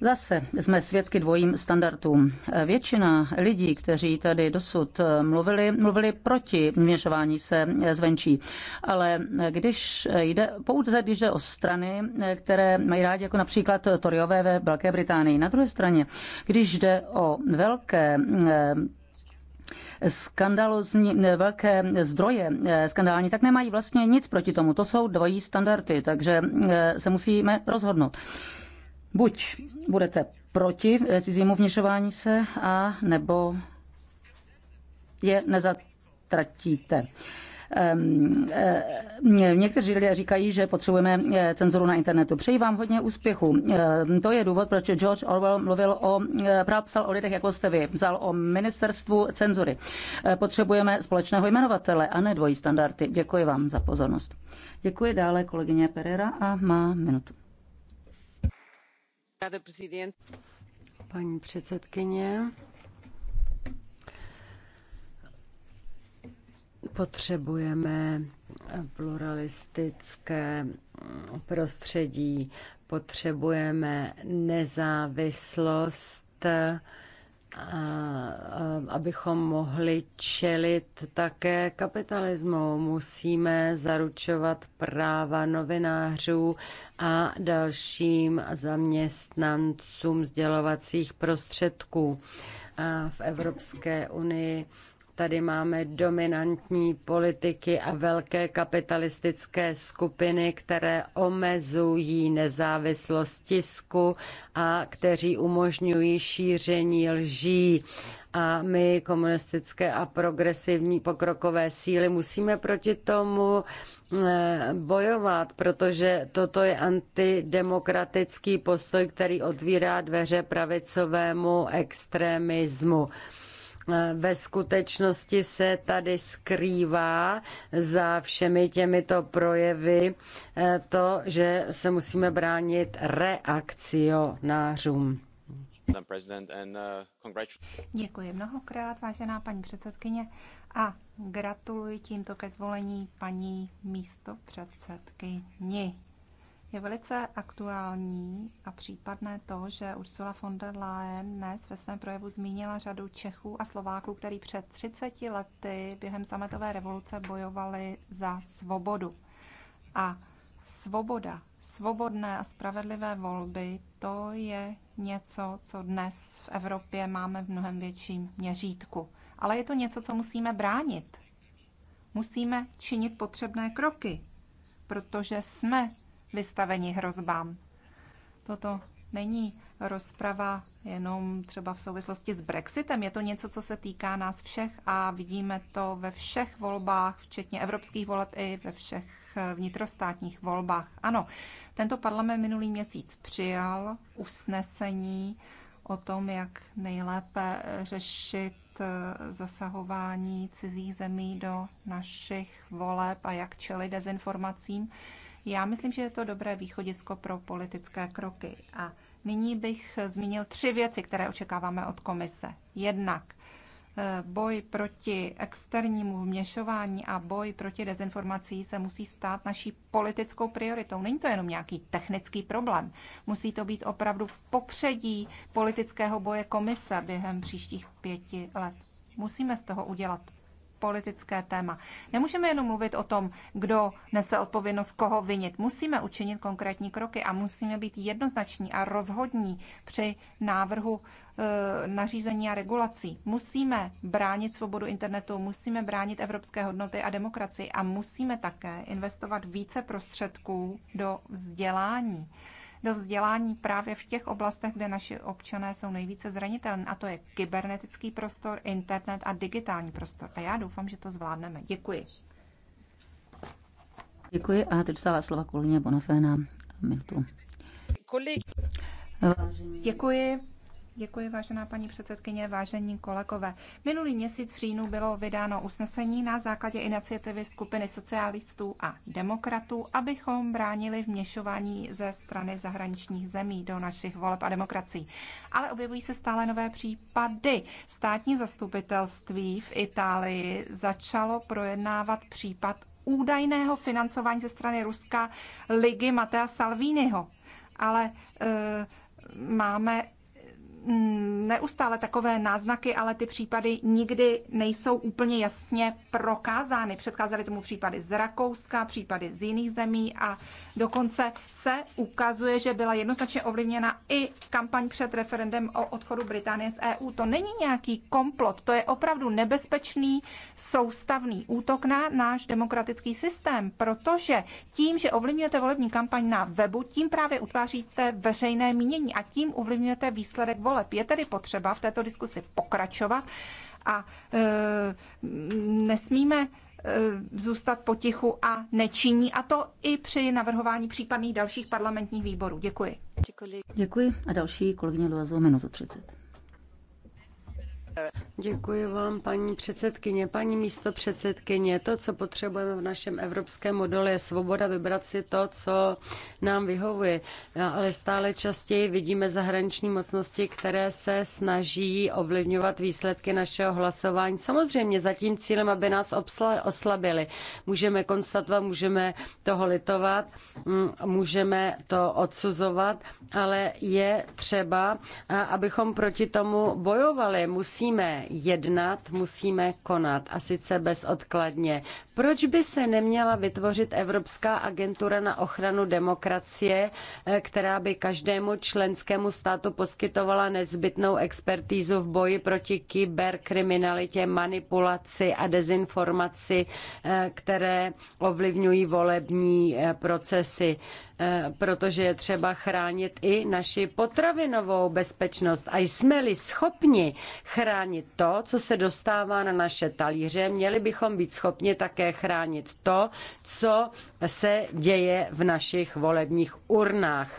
Speaker 2: Zase jsme svědky dvojím standardům. Většina lidí, kteří tady dosud mluvili, mluvili proti vměšování se zvenčí. Ale když jde, pouze když jde o strany, které mají rádi, jako například Toriové ve Velké Británii. Na druhé straně, když jde o velké skandalozní, eh, velké zdroje eh, skandální, tak nemají vlastně nic proti tomu. To jsou dvojí standardy, takže eh, se musíme rozhodnout. Buď budete proti cizímu vněšování se, a nebo je nezatratíte. E, někteří lidé říkají, že potřebujeme e, cenzuru na internetu. Přeji vám hodně úspěchu. To je důvod, proč George Orwell mluvil o, e, právě psal o lidech, jako jste vy. Psal o ministerstvu cenzury. Potřebujeme společného jmenovatele a ne dvojí standardy. Děkuji vám za pozornost. Děkuji dále kolegyně Pereira a má minutu.
Speaker 3: Paní předsedkyně, Potřebujeme eh, pluralistické mm, prostředí, potřebujeme nezávislost eh, eh, abychom mohli čelit také kapitalismu. Musíme zaručovat práva novinářů a dalším zaměstnancům sdělovacích prostředků v Evropské unii Tady máme dominantní politiky a velké kapitalistické skupiny, které omezují nezávislost tisku a kteří umožňují šíření lží. A my, komunistické a progresivní pokrokové síly, musíme proti tomu eh, bojovat, protože toto je antidemokratický postoj, který otvírá dveře pravicovému extremismu ve skutečnosti se tady skrývá za všemi těmito projevy eh, to, že se musíme bránit reakcionářům.
Speaker 5: Uh,
Speaker 1: Děkuji mnohokrát, vážená paní předsedkyně, a gratuluji tímto ke zvolení paní místo předsedkyni. Je velice aktuální a případné to, že Ursula von der Leyen dnes ve svém projevu zmínila řadu Čechů a Slováků, který před 30 lety během sametové revoluce bojovali za svobodu. A svoboda, svobodné a spravedlivé volby, to je něco, co dnes v Evropě máme v mnohem větším měřítku. Ale je to něco, co musíme bránit. Musíme činit potřebné kroky, protože jsme vystaveni hrozbám. Toto není rozprava jenom třeba v souvislosti s Brexitem. Je to něco, co se týká nás všech a vidíme to ve všech volbách, včetně evropských voleb i ve všech eh, vnitrostátních volbách. Ano, tento parlament minulý měsíc přijal usnesení o tom, jak nejlépe řešit eh, zasahování cizích zemí do našich voleb a jak čelit dezinformacím. Já myslím, že je to dobré východisko pro politické kroky. A nyní bych zmínil tři věci, které očekáváme od komise. Jednak eh, boj proti externímu vměšování a boj proti dezinformací se musí stát naší politickou prioritou. Není to jenom nějaký technický problém. Musí to být opravdu v popředí politického boje komise během příštích pěti let. Musíme z toho udělat politické téma. Nemůžeme jenom mluvit o tom, kdo nese odpovědnost, koho vinit. Musíme učinit konkrétní kroky a musíme být jednoznační a rozhodní při návrhu e, nařízení a regulací. Musíme bránit svobodu internetu, musíme bránit evropské hodnoty a demokracii a musíme také investovat více prostředků do vzdělání do vzdělání právě v těch oblastech, kde naši občané jsou nejvíce zranitelní, a to je kybernetický prostor, internet a digitální prostor. A já doufám, že to zvládneme. Děkuji.
Speaker 2: Děkuji a teď stává slova kolegyně Bonafé na minutu.
Speaker 1: Děkuji. Děkuji, vážená paní předsedkyně, vážení kolegové. Minulý měsíc v říjnu bylo vydáno usnesení na základě iniciativy skupiny socialistů a demokratů, abychom bránili vměšování ze strany zahraničních zemí do našich voleb a demokracií. Ale objevují se stále nové případy. Státní zastupitelství v Itálii začalo projednávat případ údajného financování ze strany Ruska ligy Matea Salviniho. Ale e, máme Mm, neustále takové náznaky, ale ty případy nikdy nejsou úplně jasně prokázány. Předcházely tomu případy z Rakouska, případy z jiných zemí a dokonce se ukazuje, že byla jednoznačně ovlivněna i kampaň před referendem o odchodu Británie z EU. To není nějaký komplot, to je opravdu nebezpečný soustavný útok na náš demokratický systém, protože tím, že ovlivňujete volební kampaň na webu, tím právě utváříte veřejné mínění a tím ovlivňujete výsledek volby voleb. Je tedy potřeba v této diskusi pokračovat a e, nesmíme e, zůstat potichu a nečiní, a to i při navrhování případných dalších parlamentních výborů. Děkuji.
Speaker 2: Děkuji a další kolegyně Luazová minutu 30.
Speaker 1: Děkuji vám, paní
Speaker 3: předsedkyně. Paní místo předsedkyně, to, co potřebujeme v našem evropském modelu, je svoboda vybrat si to, co nám vyhovuje. Ale stále častěji vidíme zahraniční mocnosti, které se snaží ovlivňovat výsledky našeho hlasování. Samozřejmě za tím cílem, aby nás oslabili. Můžeme konstatovat, můžeme toho litovat, mm, můžeme to odsuzovat, ale je třeba, abychom proti tomu bojovali. Musí musíme jednat, musíme konat a sice bezodkladně. Proč by se neměla vytvořit Evropská agentura na ochranu demokracie, eh, která by každému členskému státu poskytovala nezbytnou expertízu v boji proti kyberkriminalitě, manipulaci a dezinformaci, eh, které ovlivňují volební eh, procesy? protože je třeba chránit i naši potravinovou bezpečnost. A jsme-li schopni chránit to, co se dostává na naše talíře, měli bychom být schopni také také chránit to, co se děje v našich volebních urnách.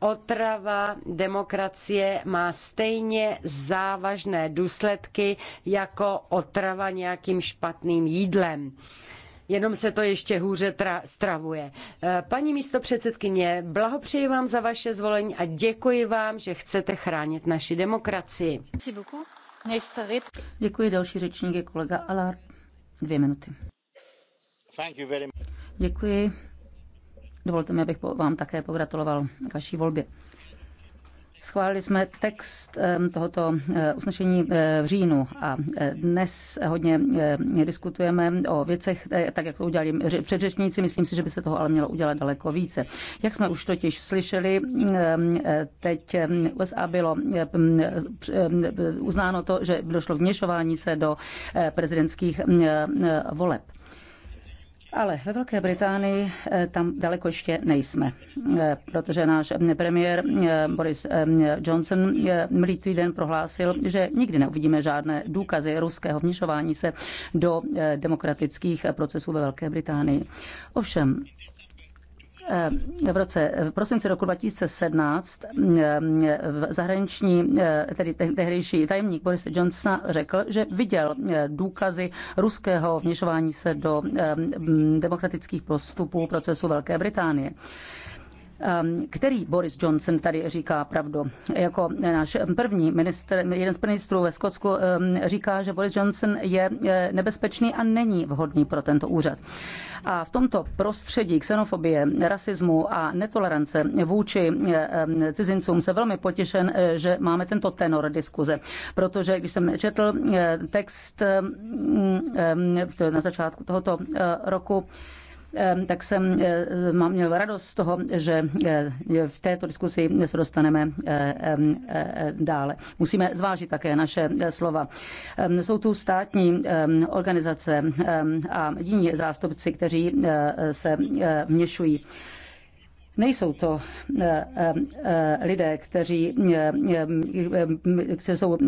Speaker 3: Otrava demokracie má stejně závažné důsledky jako otrava nějakým špatným jídlem jenom se to ještě hůře tra- stravuje. Eh, paní místo předsedkyně, blahopřeji vám za vaše zvolení a děkuji vám, že chcete chránit naši demokracii. Děkuji, další řečník je kolega Alar. Dvě minuty. Děkuji.
Speaker 2: Dovolte mi, abych vám také pogratuloval k vaší volbě. Schválili jsme text tohoto eh, usnesení eh, v říjnu a eh, dnes hodně diskutujeme o věcech, tak jak to udělali předřečníci. Myslím si, že by se toho ale mělo udělat daleko více. Jak jsme už totiž slyšeli, teď USA bylo uznáno to, že došlo vměšování se do prezidentských voleb. Ale ve Velké Británii eh, tam daleko ještě nejsme, eh, protože náš eh, premiér Boris Johnson minulý týden prohlásil, že nikdy neuvidíme žádné důkazy ruského vnišování se do demokratických procesů ve Velké Británii. Ovšem, Eh, v roce v prosinci roku 2017 eh, zahraniční, eh, tedy tehdejší tajemník Boris Johnson řekl, že viděl důkazy ruského vněšování se do demokratických postupů procesu Velké Británie. Ehm, který Boris Johnson tady říká pravdu. Jako náš první minister, jeden z ministrů ve Skotsku ehm, říká, že Boris Johnson je eh, nebezpečný a není vhodný pro tento úřad. A v tomto prostředí xenofobie, rasismu a netolerance vůči eh, ehm, cizincům se velmi potěšen, eh, že máme tento tenor diskuze. Protože když jsem četl text na začátku tohoto roku, tak jsem eh, eh, mám měl radost z toho, že eh, v této diskusi se dostaneme dále. Musíme zvážit také naše slova. Jsou tu státní organizace a jiní zástupci, kteří se vměšují. Nejsou to eh, eh, eh, lidé, kteří, jsou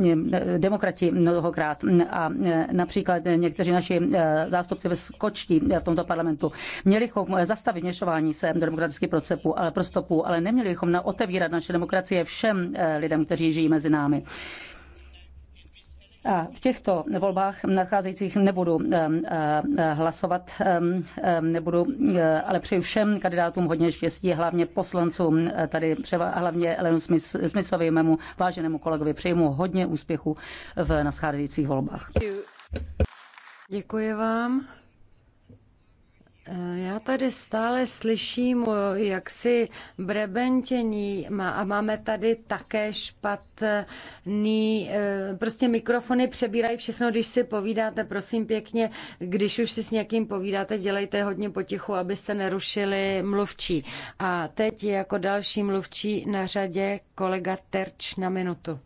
Speaker 2: demokrati mnohokrát a například někteří naši zástupci ve Skočtí v tomto parlamentu měli bychom zastavit měšování se do demokratických procesů, ale prostopů, ale neměli bychom otevírat naše demokracie všem lidem, kteří žijí mezi námi. A v těchto volbách nadcházejících nebudu hlasovat, nebudu, e, ale přeji všem kandidátům hodně štěstí, hlavně poslancům e, tady, třeba hlavně Elenu Smithovi, mému váženému kolegovi, přeji mu hodně úspěchu v nadcházejících volbách.
Speaker 3: Děkuji vám. Eh, já tady stále slyším jaksi brebentění a máme tady také špatný, eh, prostě mikrofony přebírají všechno, když si povídáte, prosím pěkně, když už si s někým povídáte, dělejte hodně potichu, abyste nerušili mluvčí. A teď je jako další mluvčí na řadě kolega Terč na minutu.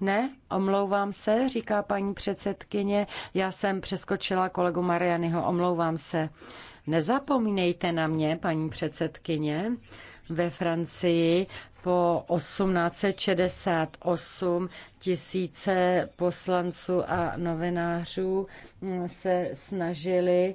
Speaker 3: Ne, omlouvám se, říká paní předsedkyně. Já jsem přeskočila kolegu Marianyho, omlouvám se. Nezapomínejte na mě, paní předsedkyně. Ve Francii po 1868 tisíce poslanců a novinářů mm, se snažili eh,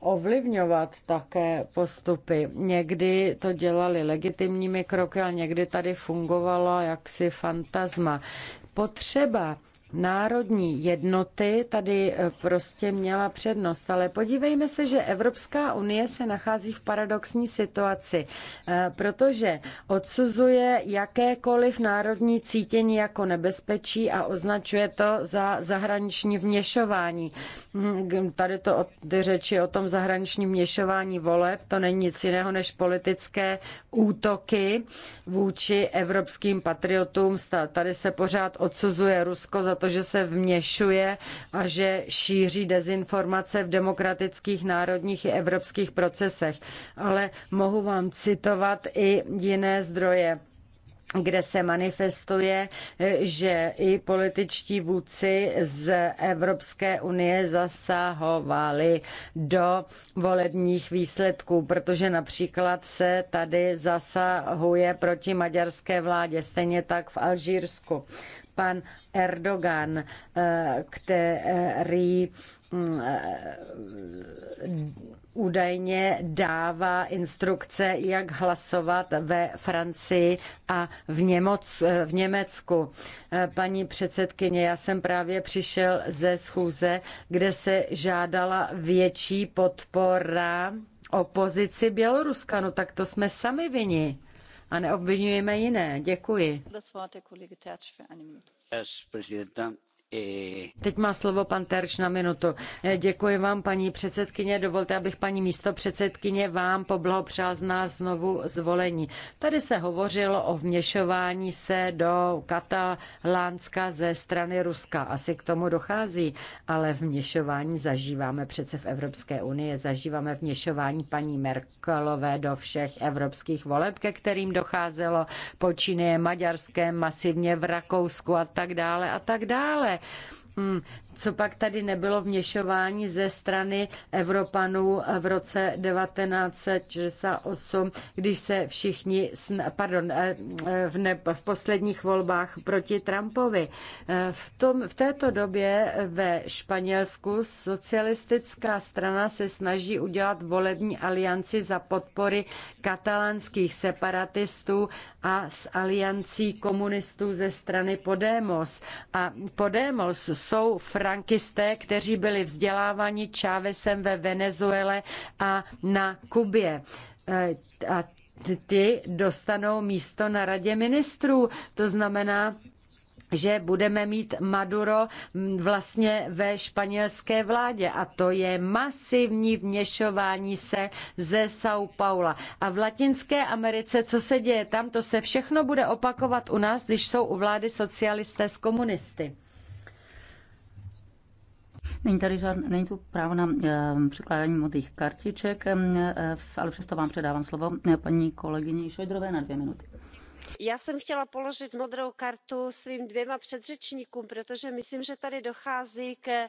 Speaker 3: ovlivňovat také postupy. Někdy to dělali legitimními kroky, ale někdy tady fungovala jaksi fantazma. Potřeba národní jednoty tady eh, prostě měla přednost. Ale podívejme se, že Evropská unie se nachází v paradoxní situaci, eh, protože odsuzuje jakékoliv národní cítění jako nebezpečí a označuje to za zahraniční vměšování. Mm, tady to ty řeči o tom zahraničním vměšování voleb, to není nic jiného než politické útoky vůči evropským patriotům. Tady se pořád odsuzuje Rusko za to, že se vměšuje a že šíří dezinformace v demokratických národních i evropských procesech. Ale mohu vám citovat i jiné zdroje kde se manifestuje, že i političtí vůdci z Evropské unie zasahovali do volebních výsledků, protože například se tady zasahuje proti maďarské vládě, stejně tak v Alžírsku pan Erdogan, eh, který mm, údajně dává instrukce, jak hlasovat ve Francii a v, Němoc, eh, v Německu. Eh, paní předsedkyně, já jsem právě přišel ze schůze, kde se žádala větší podpora opozici Běloruska. No tak to jsme sami vini a neobvinujeme jiné. Děkuji. Teď má slovo pan Terč na minutu. Eh, děkuji vám, paní předsedkyně. Dovolte, abych paní místo předsedkyně vám poblahopřál z nás znovu zvolení. Tady se hovořilo o vměšování se do Katalánska ze strany Ruska. Asi k tomu dochází, ale vměšování zažíváme přece v Evropské unii. Zažíváme vměšování paní Merkelové do všech evropských voleb, ke kterým docházelo počínaje maďarské masivně v Rakousku a tak dále a tak dále Hmm, co pak tady nebylo vněšování ze strany Evropanů v roce 1968, když se všichni, pardon, eh, v, ne, v posledních volbách proti Trumpovi. Eh, v, tom, v této době ve Španělsku socialistická strana se snaží udělat volební alianci za podpory katalánských separatistů a s aliancí komunistů ze strany Podemos. A Podemos jsou Fran- frankisté, kteří byli vzděláváni Chávesem ve Venezuele a na Kubě. E, a ty dostanou místo na radě ministrů. To znamená, že budeme mít Maduro vlastně ve španělské vládě a to je masivní vněšování se ze São Paula. A v Latinské Americe, co se děje tam, to se všechno bude opakovat u nás, když jsou u vlády socialisté s komunisty.
Speaker 2: Není tady žádný, není tu právo na uh, překládání modrých kartiček, uh, ale přesto vám předávám slovo eh, paní kolegyni Švedrové na dvě minuty
Speaker 4: já jsem chtěla položit modrou kartu svým dvěma předřečníkům protože myslím že tady dochází k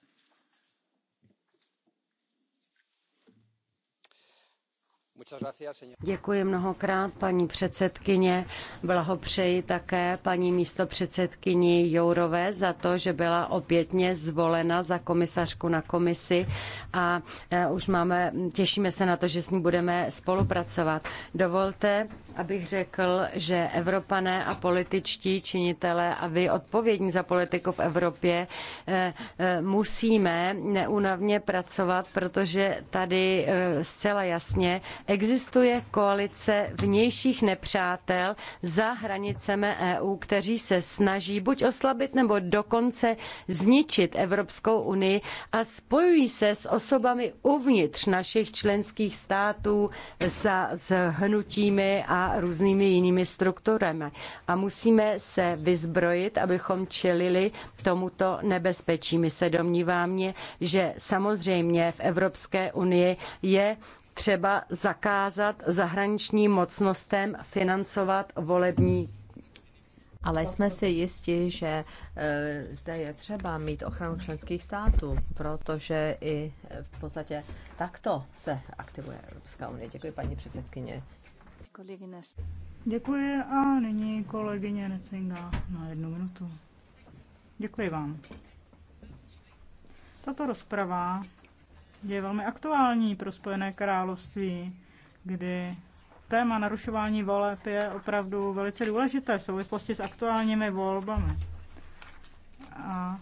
Speaker 1: Děkuji
Speaker 3: mnohokrát, paní předsedkyně. Blahopřeji také paní místopředsedkyni Jourové za to, že byla opětně zvolena za komisařku na komisi a eh, už máme, těšíme se na to, že s ní budeme spolupracovat. Dovolte, abych řekl, že Evropané a političtí činitelé a vy odpovědní za politiku v Evropě eh, eh, musíme neunavně pracovat, protože tady eh, zcela jasně existuje koalice vnějších nepřátel za hranicemi EU, kteří se snaží buď oslabit nebo dokonce zničit Evropskou unii a spojují se s osobami uvnitř našich členských států, s hnutími a a různými jinými strukturami. A musíme se vyzbrojit, abychom čelili tomuto nebezpečí. My se domníváme, že samozřejmě v Evropské unii je třeba zakázat zahraničním mocnostem financovat volební ale jsme si jisti, že e, zde je třeba mít ochranu členských států,
Speaker 5: protože i v podstatě takto se aktivuje Evropská unie. Děkuji,
Speaker 6: paní předsedkyně. Děkuji a nyní kolegyně Necinga na jednu minutu. Děkuji vám. Tato rozprava je velmi aktuální pro Spojené království, kdy téma narušování voleb je opravdu velice důležité v souvislosti s aktuálními volbami. A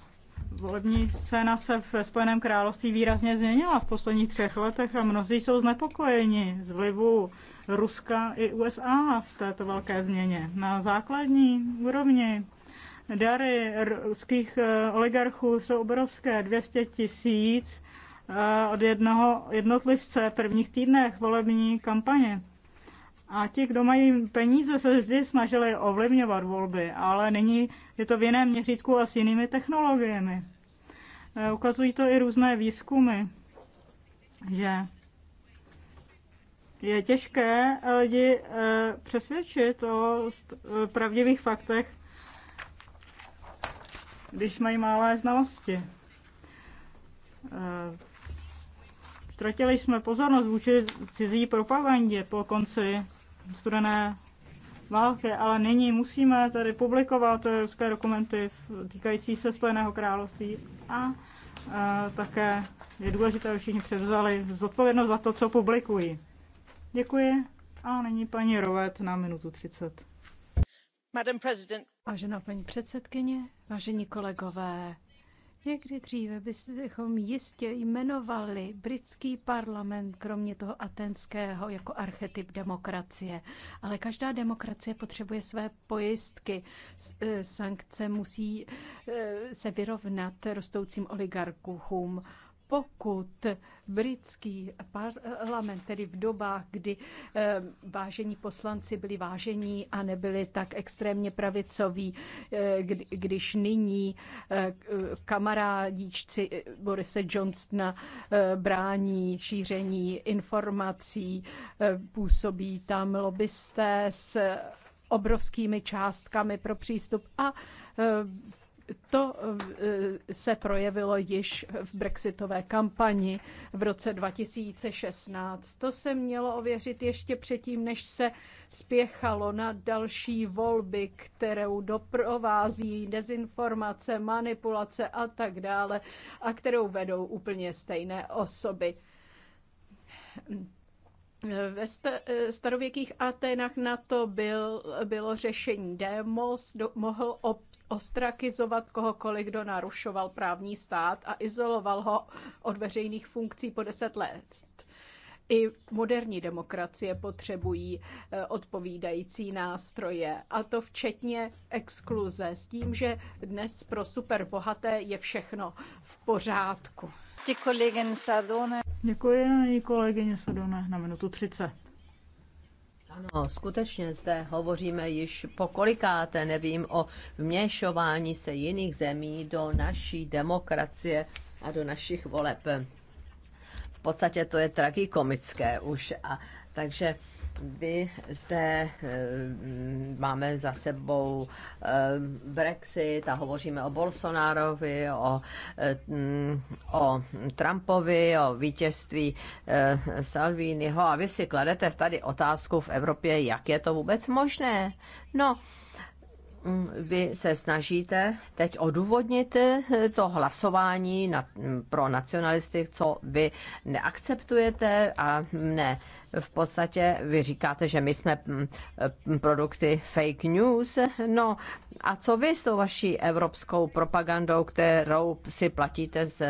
Speaker 6: volební scéna se v Spojeném království výrazně změnila v posledních třech letech a mnozí jsou znepokojeni z vlivu Ruska i USA v této velké změně. Na základní úrovni dary ruských eh, oligarchů jsou obrovské 200 tisíc eh, od jednoho jednotlivce v prvních týdnech volební kampaně. A ti, kdo mají peníze, se vždy snažili ovlivňovat volby, ale nyní je to v jiném měřítku a s jinými technologiemi. E, ukazují to i různé výzkumy, že je těžké lidi e, přesvědčit o e, pravdivých faktech, když mají malé znalosti. Ztratili jsme pozornost vůči cizí propagandě po konci studené války, ale nyní musíme tady publikovat ruské dokumenty týkající se Spojeného království a e, také je důležité, aby všichni převzali zodpovědnost za to, co publikují. Děkuji. A nyní paní Rovet na minutu 30.
Speaker 7: Vážená paní předsedkyně, vážení kolegové, Někdy dříve bychom jistě jmenovali britský parlament, kromě toho atenského, jako archetyp demokracie. Ale každá demokracie potřebuje své pojistky. E, sankce musí e, se vyrovnat rostoucím oligarkům pokud britský parlament, tedy v dobách, kdy eh, vážení poslanci byli vážení a nebyli tak extrémně pravicoví, eh, když nyní eh, kamarádičci Borise Johnsona brání šíření informací, působí tam lobbysté s obrovskými částkami pro přístup a to eh, se projevilo již v brexitové kampani v roce 2016. To se mělo ověřit ještě předtím, než se spěchalo na další volby, kterou doprovází dezinformace, manipulace a tak dále, a kterou vedou úplně stejné osoby Eh, ve eh, starověkých Aténách na to byl, bylo řešení demos, do, mohl ob, ostrakizovat kohokoliv, kdo narušoval právní stát a izoloval ho od veřejných funkcí po deset let. I moderní demokracie potřebují eh, odpovídající nástroje, a to včetně exkluze, s tím, že dnes pro superbohaté je všechno v pořádku.
Speaker 4: Ti Sadone.
Speaker 6: Děkuji, nyní kolegyně Sodone na minutu 30.
Speaker 5: Ano, skutečně zde hovoříme již po kolikáté, nevím, o vměšování se jiných zemí do naší demokracie a do našich voleb. V podstatě to je tragikomické už. A, takže vy zde eh, máme za sebou eh, Brexit a hovoříme o Bolsonárovi, o, eh, o Trumpovi, o vítězství Salviniho a vy si kladete tady otázku v Evropě, jak je to vůbec možné. No, Mm, vy se snažíte teď odůvodnit eh, to hlasování na, mm, pro nacionalisty, co vy neakceptujete a ne. V podstatě vy říkáte, že my jsme mm, eh, produkty fake news. No a co vy s tou vaší evropskou propagandou, kterou si platíte z